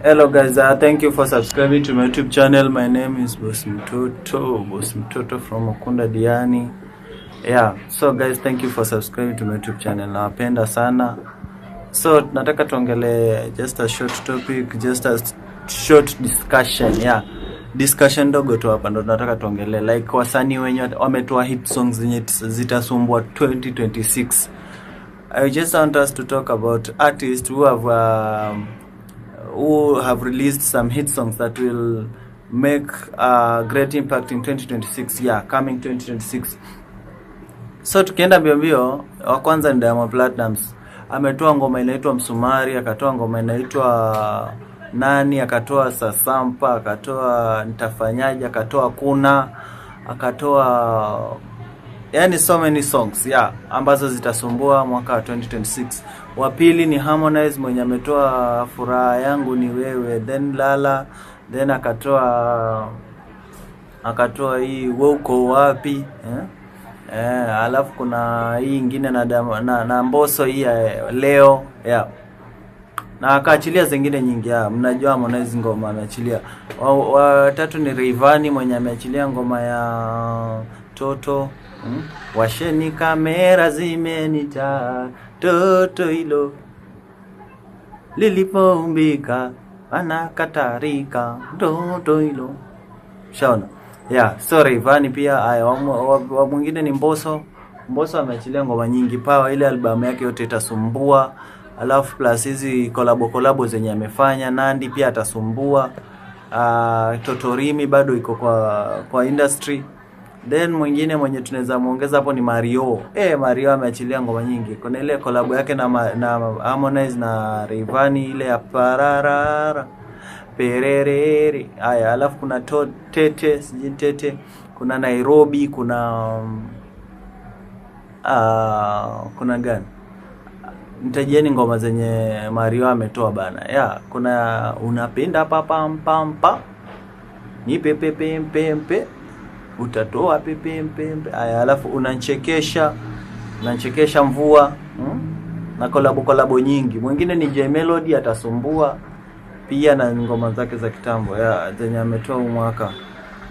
Hello guys, uh, thank you for subscribing to my YouTube channel. My name is Boss Mtoto, Boss Mtoto from Okunda Diani. Yeah, so guys, thank you for subscribing to my YouTube channel. Nawapenda sana. So nataka tuongele just a short topic, just a short discussion. Yeah. Discussion ndogo tu hapa ndo nataka tuongele like wasanii wenye wametoa hit songs zenye zitasumbua 2026. I just want us to talk about artists who have um, who have released some hit songs that will make a great impact in 2026 yeah coming 2026 so tukienda mbio mbio wa kwanza ni Diamond Platnumz ametoa ngoma inaitwa Msumari akatoa ngoma inaitwa nani akatoa Sasampa akatoa Nitafanyaje akatoa Kuna akatoa yani so many songs yeah, ambazo zitasumbua mwaka wa 2026. Wa pili ni Harmonize mwenye ametoa furaha yangu ni wewe, then lala, then akatoa akatoa hii wewe uko wapi eh? Eh, alafu kuna hii ingine na, na, na Mbosso hii ya leo yeah. Na akaachilia zingine nyingi ya, mnajua Harmonize ngoma ameachilia. Watatu wa, ni Rayvanny mwenye ameachilia ngoma ya Toto Hmm? Washeni kamera zimenita toto hilo lilipoumbika anakatarika, toto hilo shaona ya yeah, sorry vani pia ay, wa, mwingine ni mboso mboso ameachilia ngoma nyingi pawa, ile albamu yake yote itasumbua, alafu plus hizi kolabo kolabo zenye amefanya Nandi pia atasumbua. Uh, Totorimi bado iko kwa kwa industry Then mwingine mwenye tunaweza muongeza hapo ni Mario. Eh, Mario ameachilia ngoma nyingi. Kuna ile collab yake na ma, na Harmonize na Rayvanny ile ya pararara pererere. Haya, alafu kuna to, Tete, sijin Tete. Kuna Nairobi, kuna um, uh, kuna gani? Nitajieni ngoma zenye Mario ametoa bana. Ya, yeah, kuna unapenda papam pam pam. Nipe pepe pe. pe utatoa wapi pembe? Aya, alafu unanchekesha, unanchekesha mvua hmm? na kolabo kolabo nyingi. Mwingine ni Jay Melody atasumbua pia na ngoma zake za kitambo zenye ametoa mwaka.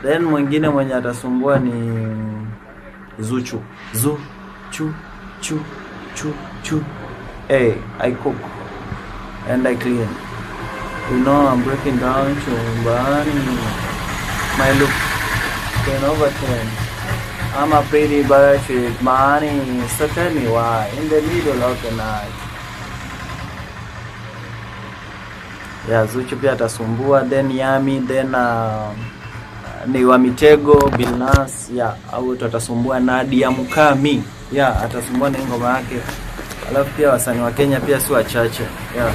Then mwingine mwenye atasumbua ni Zuchu zu chu chu chu chu hey, I cook and I clean you know I'm breaking down chumbani my look Genova Twins. I'm a pretty bird with money, so tell me why, in the middle of the night. Yeah, Zuchu pia atasumbua, then Yami, then uh, ni wa Mitego, Bilnas, yeah, au atasumbua Nadia Mukami. Yeah, atasumbua na ngoma yake. Alafu pia wasanii wa Kenya pia si wachache. Yeah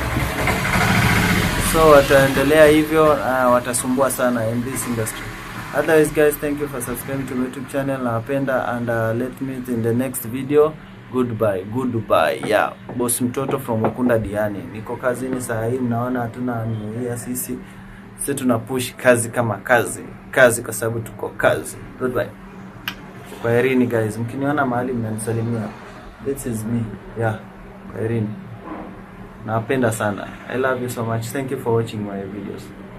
so wataendelea hivyo, uh, watasumbua sana in this industry. Otherwise guys, thank you for subscribing to my YouTube channel. Nawapenda and uh, let meet in the next video. Goodbye, goodbye. Yeah, boss mtoto from Ukunda Diani, niko kazini saa hii, mnaona hatuna nuia sisi, sisi tuna push kazi kama kazi kazi, kwa sababu tuko kazi. Goodbye, kwaherini guys. Mkiniona mahali mnanisalimia, this is me. Yeah, kwaherini. Nawapenda sana. I love you so much. Thank you for watching my videos.